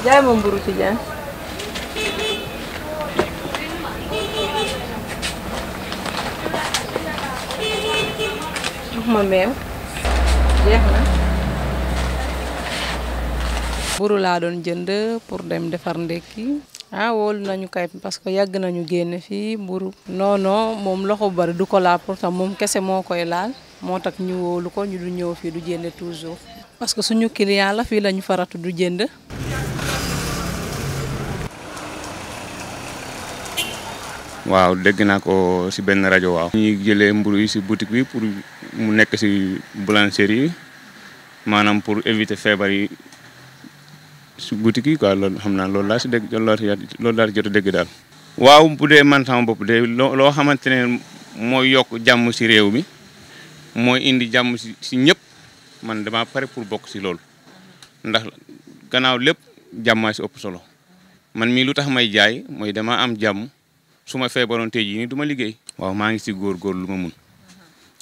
Jangan memburu saja. Mamem. Ya, jeex buru la doon jënd pour dem défar ndéki ah wol nañu kay parce que yag nañu génné fi buru non non mom loxo bari du ko laal pourtant mom kese mo koy e laal mo tak ñu wolu ko ñu du ñëw fi du jënd toujours parce que suñu client ya la fi lañu faratu du jënd waaw dégg naa ko si benn rajo waaw. ñuy jëlee mburu yi si boutique bi mu nekk si bulan yi maanaam pour éviter feebar yi si boutique yi quoi loolu xam naa loolu laa si dégg loolu laa si loolu laa si jot a dégg daal. waaw bu dee man sama bopp de loo xamante ne mooy yokk jàmm si réew mi mooy indi jàmm si si ñëpp man ma pare pour bokk si loolu ndax gannaaw lépp jàmmaa si ëpp solo man mii lu tax may jaay mooy dama am jàmm suma ma feebaroon tey jii nii du ma waaw maa ngi ci gor gor luma mun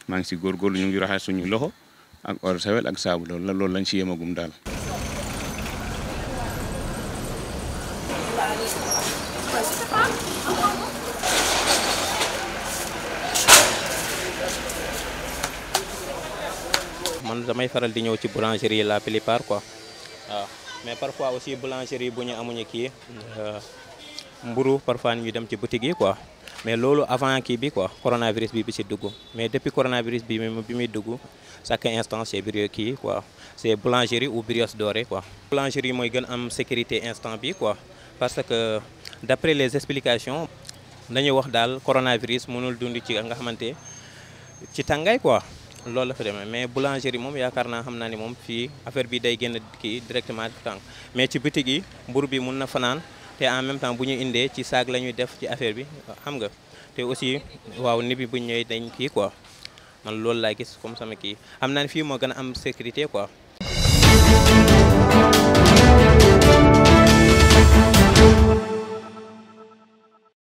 ma ngi gor gor ñu ngi raxal suñu loxo ak or sawel ak sabu lool la lool lañ yemagum dal man damay faral di ñew ci boulangerie la plupart quoi ah. Ah. mais parfois aussi boulangerie bu ñu amuñu ki euh, mburu parfois ñu dem ci boutique yi quoi mais lolu avant ki bi quoi coronavirus bi bi ci dugg mais depuis coronavirus bi bi muy dugg chaque instant c'est bureau qui quoi c'est boulangerie ou brioche dorée quoi. boulangerie moy gën am sécurité instant bi quoi parce que d'après les explications nañu wax dal coronavirus mënul dund ci nga xamanté ci tangay quoi. lolu la fa demee mais boulangerie mom yaakaar naa xam ni mom fi affaire bi day gën directement mais ci boutique yi mburu bi mën na fanaan. te en même temps bu ñu indee ci saag la ñuy def ci affaire bi xam nga te aussi waaw ni bi bu ñëwee dañ kii quoi man loolu laa gis comme sama kii am naa fii moo gën a am sécurité quoi.